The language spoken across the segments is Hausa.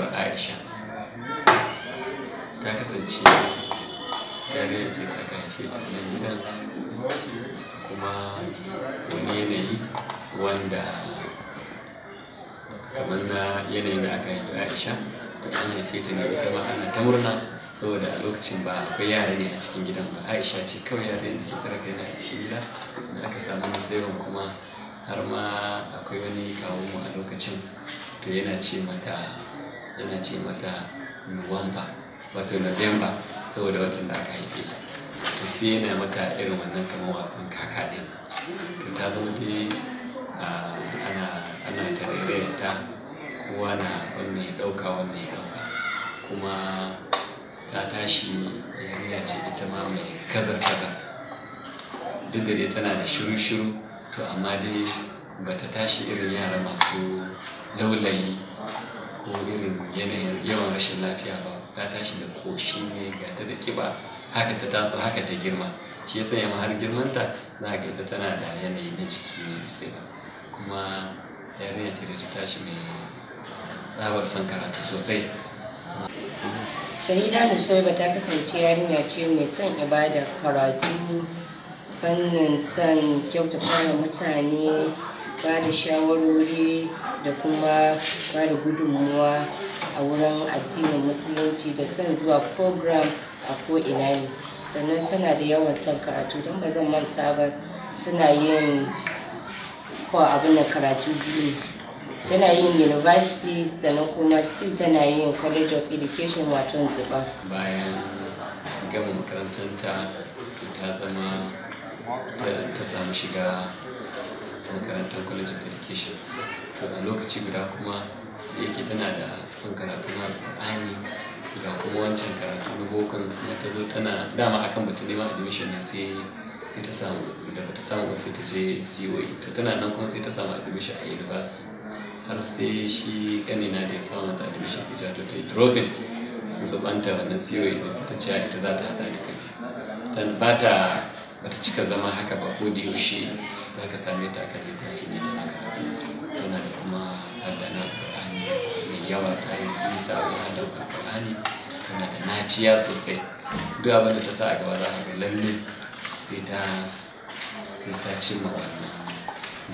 Aisha ta kasance yarinya ce da aka haife ta nan gidan kuma wani yanayi wanda kamar na yanayin da aka haifi Aisha da an haife ta ne ita ma ana ta murna saboda a lokacin ba akwai yara ne a cikin gidan ba Aisha ce kawai yarinya ne ke karfe na a cikin gida da aka samu nasarar kuma har ma akwai wani kawo mu a lokacin to yana ce mata yana ce mata nuwamba wato novemba saboda watan da aka haife ta to sai yana mata irin wannan kamar wasan kaka din to ta zama dai ana ana tarairayar ta kowa na wannan ya ɗauka wannan ya ɗauka kuma ta tashi yariya ce ita ma mai kazar kazar duk da dai tana da shiru shiru to amma dai ba ta tashi irin yara masu laulayi ko irin yanayin yawan rashin lafiya ba ta tashi da koshi ne ga ta da kiba haka ta taso haka ta girma shi yasa yamma har girmanta za ka ita tana da yanayi na jiki ne sai ba kuma yarinya ce da ta tashi mai ah, tsabar son karatu sosai shahida nusaiba ta kasance yarinya ce mai son ibada karatu fannin son kyautata wa mutane ba da shawarwari da kuma ba da gudunmuwa a wurin addinin musulunci da son zuwa program a ko'ina ne sannan tana da yawan son karatu don ba zan manta ba tana yin ko abin da karatu biyu tana yin university sannan kuma still tana yin college of education wato zuba bayan gama makarantar ta zama ta samu shiga makarantar college of education kuma lokaci guda kuma da yake tana da son karatu na alƙur'ani ga kuma wancan karatu na bokon kuma ta zo tana dama akan bata neman admission na sai sai ta samu da bata samu ba sai ta je COE to tana nan kuma sai ta samu admission a university har sai shi na da ya samu mata admission ta to ta yi drobin, zubanta wannan COE ne, sai ta ce ita za ta hada da kai ba ta wata cika zama haka ba ko da yaushe za ka same ta kan littafi ne da haka tana da kuma haddana alƙur'ani mai yawa ta yi nisa ga haddan alƙur'ani tana da naciya sosai duk abin ta sa a gaba za a ga lalle sai ta sai ta cimma wannan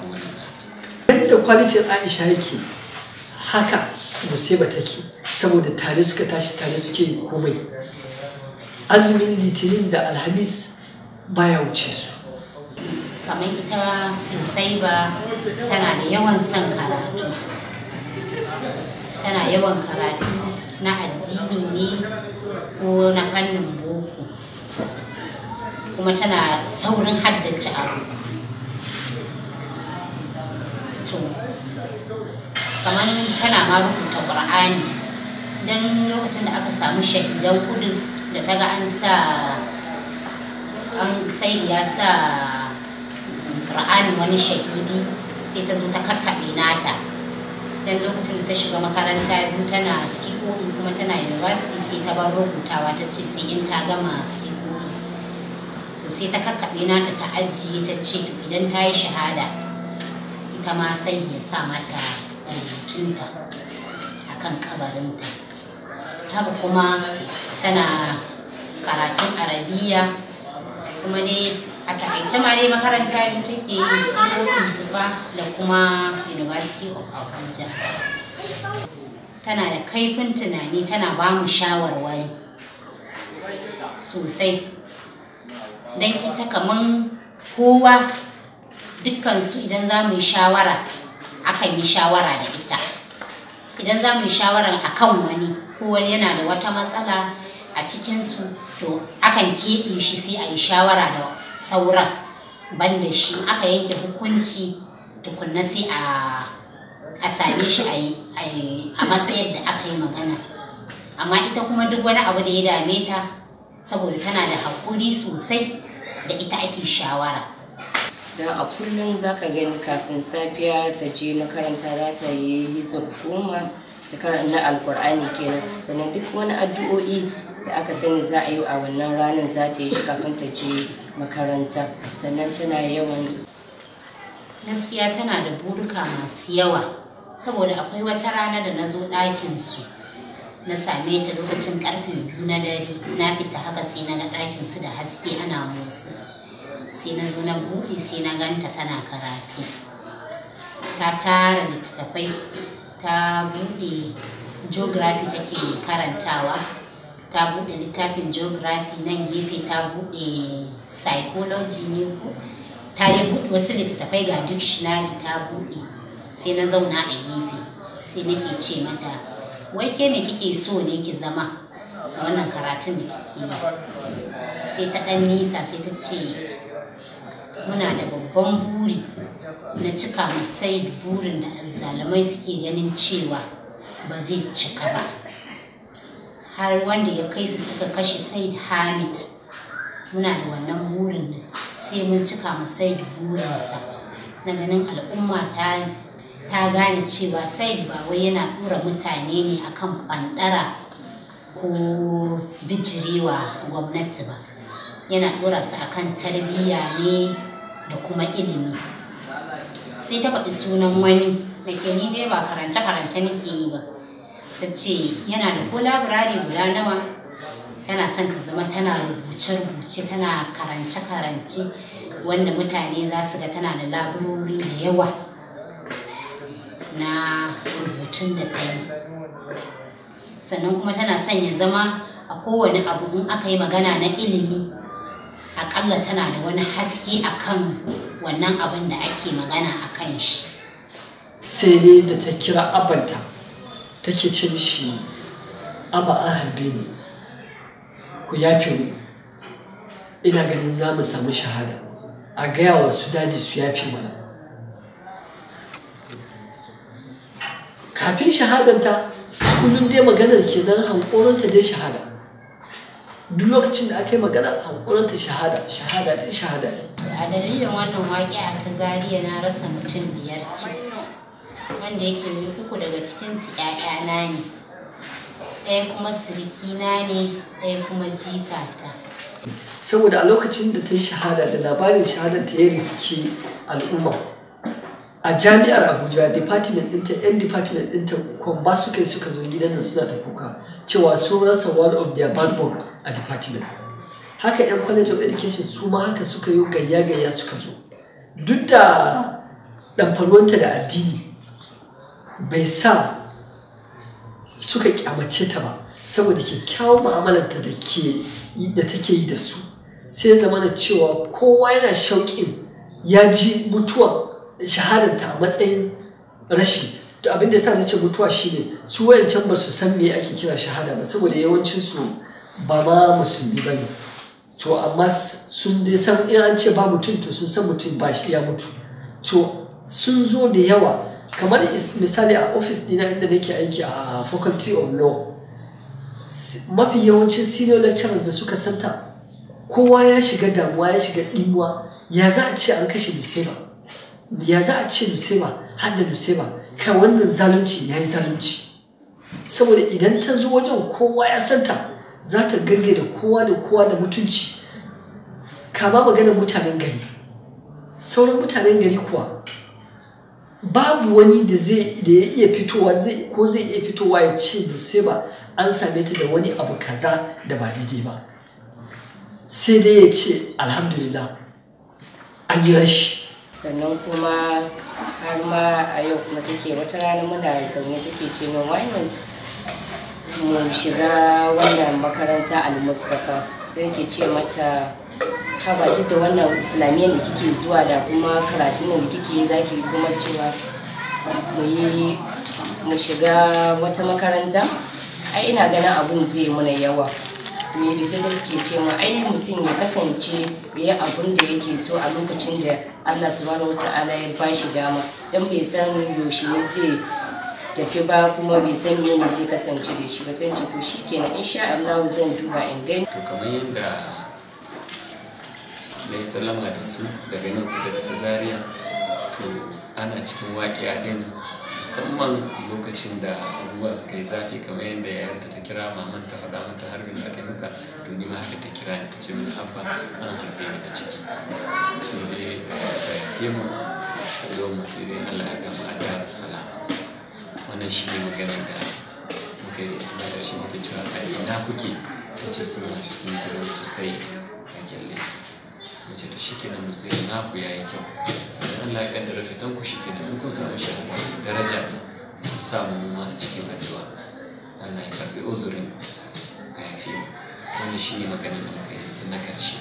burin nata yadda kwalitin aisha yake haka musaiba take saboda tare suka tashi tare suke komai azumin litinin da alhamis baya wuce su kamar ita ba, tana da yawan son karatu tana yawan karatu na addini ne ko na fannin boko kuma tana saurin haddace abu kamar tana ma rubuta ƙur'ani don lokacin da aka samu shahidan kudus da ta ga an sa an sai ya sa ƙur'anin wani shahidi sai ta zo ta kakkaɓe nata dan lokacin da ta shiga makaranta biyu tana COE kuma tana university sai ta bar rubutawa ta ce sai in ta gama COE to sai ta kakkaɓe nata ta ajiye ta ce to idan ta yi shahada ita ma sai ya sa mata rubutunta a kan kabarinta ta kuma tana karatun arabiya kuma ne a takaice ma dai makaranta yin take yi COE zuba da kuma University of Abuja. Tana da kaifin tunani tana ba mu shawarwari sosai. Don ita kaman kowa dukkansu idan za mu yi shawara akan yi shawara da ita. Idan za mu yi shawara akan wani ko yana da wata matsala a cikin su to akan keɓe shi sai a yi shawara da sauran banda shi aka yanke hukunci tukunna sai a same shi a matsayar da aka yi magana amma ita kuma duk wani abu da ya dame ta saboda tana da haƙuri sosai da ita ake shawara da a kullum za ka gani kafin safiya ta je makaranta za ta yi hisa goma ta karanta alkur'ani kenan sannan duk wani addu'o'i da aka sani za a yi a wannan ranar za ta yi shi ta je makaranta sannan tana yawan gaskiya tana da buruka masu yawa saboda akwai wata rana da na zo ɗakinsu na same ta lokacin karfe biyu na dare na fita haka sai na ga ɗakinsu da haske ana motsi sai na zo na buɗe sai na ganta tana karatu ta tara littattafai ta buɗe geography take karantawa ta buɗe littafin geography nan gefe ta buɗe psychology ne ko ta yi buɗe wasu littattafai ga dictionary ta buɗe sai na zauna a gefe sai nake ce mata wai ke me kike so ne ki zama a wannan karatun da kike yi sai ta ɗan nisa sai ta ce muna da babban buri na cika masai burin da azzalumai suke ganin cewa ba zai cika ba har wanda ya kai su suka kashe said hamid muna da wannan burin nan sai mun cika ma said burinsa na ganin al'umma ta ta gane cewa said ba wai yana ɗora mutane ne akan bandara ko bijirewa gwamnati ba yana dora su akan tarbiyya ne da kuma ilimi sai ta faɗi sunan wani da ke ni dai ba karance-karance nake yi ba ta ce yana da ko labirari guda nawa tana son ta zama tana rubuce-rubuce tana karance-karance wanda mutane za su ga tana da laburori da yawa na rubutun da ta yi sannan kuma tana son ya zama a kowane abu in aka yi magana na ilimi akalla tana da wani haske a kan wannan abin da ake magana a kan shi sai dai da ta kira abanta take ce shi aba a harbe ni ku yafe mu ina ganin za mu samu shahada a gaya wa su daji su yafe mana kafin shahadanta kullum dai maganar kenan hankoronta dai shahada duk lokacin da aka yi magana hankoronta shahada shahada dai shahada a dalilin wannan waƙi a ta zariya na rasa mutum biyar ce wanda yake uku daga cikinsu ‘ya'yana ne ɗaya kuma sirikina ne ɗaya kuma jikata saboda a lokacin da ta yi shahada da labarin shahada ta yi riski al'umma a jami'ar abuja department ɗinta yan department ɗinta kwamba suka suka zo gidan nan suna ta kuka cewa sun rasa one of their backbone a department haka yan college of education su ma haka suka yi gayya-gayya suka zo duk da ɗanfarwanta da addini bai sa suka kyamace ta ba saboda kyakkyawan mu'amalarta da ke take yi da su sai zama da cewa kowa yana shauƙin ya ji mutuwa shahadarta a matsayin rashi to abin da sa ta ce mutuwa shine su wayancan ba su san me ake kira shahada ba saboda yawancin su ba ma musulmi ba ne to amma sun dai san in an ce ba mutum to sun san mutum ba shi ya mutu to sun zo da yawa kamar misali a ofis dina inda nake aiki a faculty of law mafi yawancin senior lecturers da suka santa kowa ya shiga damuwa ya shiga dimuwa ya za a ce an kashe nuseba ya za a ce nuseba har da nuseba kai wannan zalunci ya yi zalunci saboda idan ta zo wajen kowa ya santa za ta gange da kowa da kowa da mutunci kama maganar mutanen gari sauran mutanen gari kuwa babu wani da zai da ya iya fitowa zai ko zai iya fitowa ya ce sai ba an same ta da wani abu kaza da ba daidai ba sai dai ya ce alhamdulillah an yi rashi sannan kuma har ma a yau kuma take wata rana muna zaune take ce min why mu shiga wannan makaranta al-mustafa sai ce mata haba duk da wannan islamiyyar da kike zuwa da kuma karatun da kike yi zaki kuma cewa mu yi mu shiga wata makaranta ai ina ganin abun zai muna yawa me bisa da kike ce mu ai mutum ya kasance ya abun da yake so a lokacin da Allah subhanahu wata'ala ya bashi dama don bai san yaushe ne zai tafi ba kuma bai san mene zai kasance da shi ba sai ce to shikenan insha Allah zan duba in gani to kamar yadda na sallama da su daga nan su daga zaria to ana cikin waƙiya din musamman lokacin da ruwa suka yi zafi kamar yadda yayarta ta kira maman ta faɗa mata harbin da aka yi to ni ma haka ta kira ni ta ce mini abba an harbe ni a ciki sai dai a yi mu a yau masu dai Allah ya gama a salama nan shi ne maganar da muka yi kuma shi muka cewa a ina kuke ta ce suna cikin gidan su sai a gyalle su mace to shi kenan mu sai na ku yayi kyau idan Allah ya kaddara fitan ku shi kenan in kun samu a daraja ne ku samu mu a cikin addu'a Allah ya karbi uzurin ku ka yafi mu wannan shine maganar da muka yi tun na karshe